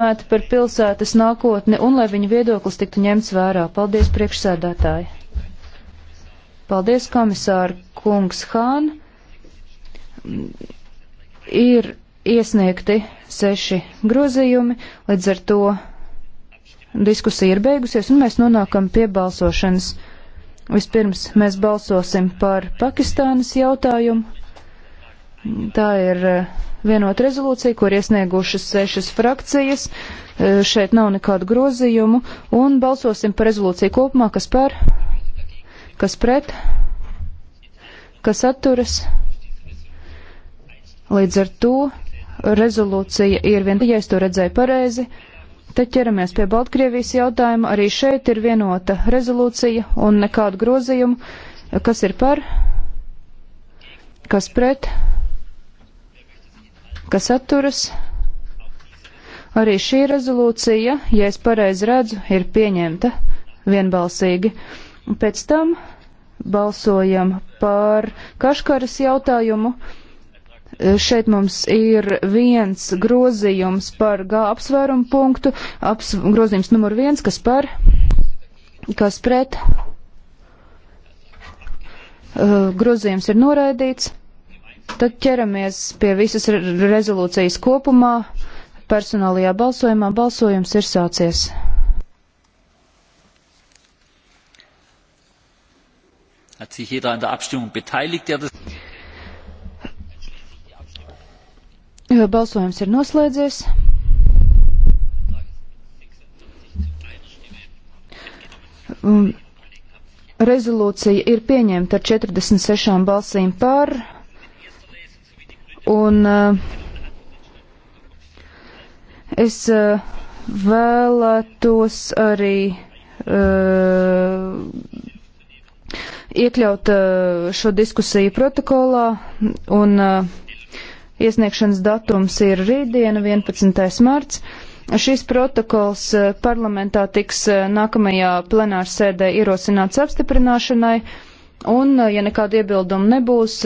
domāt par pilsētas nākotni un lai viņu viedoklis tiktu ņemts vērā. Paldies, priekšsēdētāji! Paldies, komisāra kungs Hān! Ir iesniegti seši grozījumi, līdz ar to diskusija ir beigusies un mēs nonākam pie balsošanas. Vispirms mēs balsosim par Pakistānas jautājumu. Tā ir eh, vienota rezolūcija, kur iesniegušas sešas frakcijas. Eh, šeit nav nekādu grozījumu. Un balsosim par rezolūciju kopumā, kas par, kas pret, kas atturas. Līdz ar to rezolūcija ir viena, ja es to redzēju pareizi. Tad ķeramies pie Baltkrievijas jautājuma. Arī šeit ir vienota rezolūcija un nekādu grozījumu. Kas ir par? Kas pret? kas atturas. Arī šī rezolūcija, ja es pareizi redzu, ir pieņemta vienbalsīgi. Pēc tam balsojam par Kaškaras jautājumu. Šeit mums ir viens grozījums par G apsvērumu punktu, aps, grozījums numur viens, kas par, kas pret. Uh, grozījums ir noraidīts. Tad ķeramies pie visas rezolūcijas kopumā. Personālajā balsojumā balsojums ir sācies. Hat sich jeder an der Abstimmung beteiligt, der das. Balsojums ir noslēdzies. Mm. Rezolūcija ir pieņemta ar 46 balsīm par. Un eh, es eh, vēlētos arī eh, iekļaut šo diskusiju protokolā un iesniegšanas datums ir rītdiena, 11. marts. Šis protokols parlamentā tiks nākamajā plenārsēdē ierosināts apstiprināšanai, un, ja nekāda iebilduma nebūs,